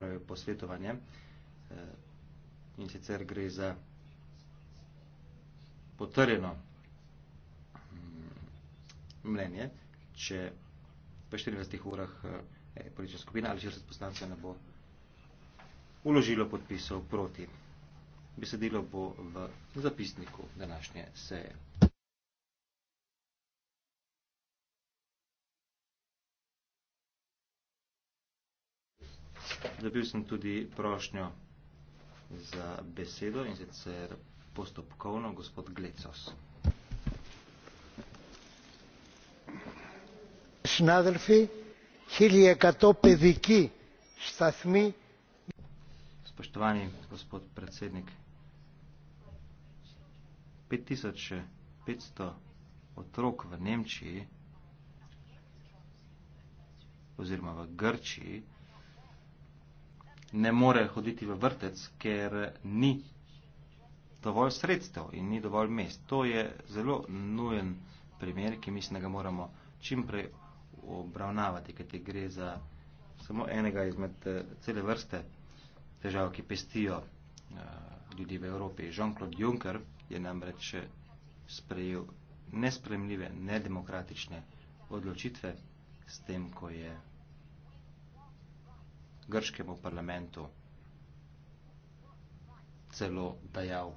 Eh, posvetovanje eh, in sicer gre za mm, potrjeno mm, mnenje, če v 24 urah eh, politična skupina ali 60 poslancev ne bo uložilo podpisov proti. Besedilo bo v zapisniku današnje seje. Dobil sem tudi prošnjo za besedo in sicer postopkovno gospod Glecos. Šnadrfi, 1100 pediki stasmi. Spoštovani gospod predsednik, 5500 otrok v Nemčiji oziroma v Grčiji ne more hoditi v vrtec, ker ni dovolj sredstev in ni dovolj mest. To je zelo nujen primer, ki mislim, da ga moramo čimprej obravnavati, ker te gre za samo enega izmed eh, cele vrste težav, ki pestijo eh, ljudi v Evropi. Jean-Claude Juncker je namreč eh, sprejel nespremljive, nedemokratične odločitve s tem, ko je grškemu parlamentu celo dajal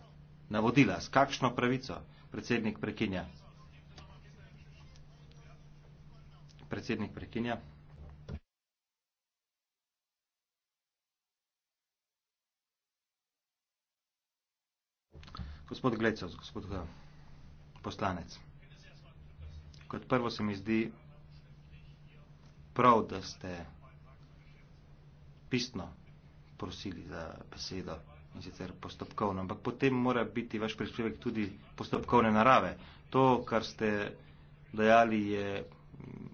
navodila, s kakšno pravico predsednik prekinja. Predsednik prekinja. Gospod Glecov, gospod eh, poslanec, kot prvo se mi zdi prav, da ste pisno prosili za besedo in sicer postopkovno, ampak potem mora biti vaš prispevek tudi postopkovne narave. To, kar ste dejali, je mm,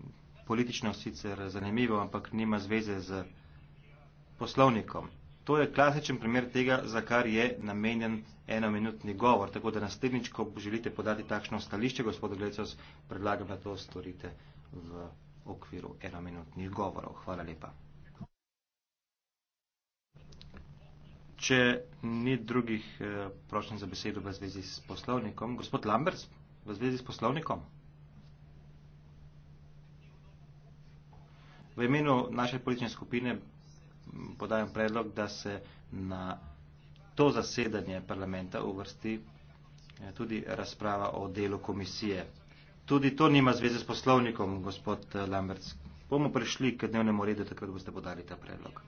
politično sicer zanimivo, ampak nima zveze z poslovnikom. To je klasičen primer tega, za kar je namenjen enominutni govor. Tako da naslednjič, ko želite podati takšno stališče, gospod Glecos, predlagam, da to storite v okviru enominutnih govorov. Hvala lepa. Če ni drugih eh, prošenj za besedo v zvezi s poslovnikom. Gospod Lambers, v zvezi s poslovnikom. V imenu naše politične skupine podajam predlog, da se na to zasedanje parlamenta uvrsti eh, tudi razprava o delu komisije. Tudi to nima zveze s poslovnikom, gospod eh, Lamberts. Bomo prišli k dnevnemu redu, takrat boste podali ta predlog.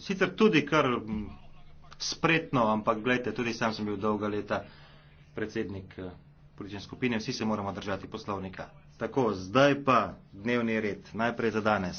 sicer tudi kar mm, spretno, ampak gledajte, tudi sam sem bil dolga leta predsednik eh, politične skupine, vsi se moramo držati poslovnika. Tako, zdaj pa dnevni red, najprej za danes.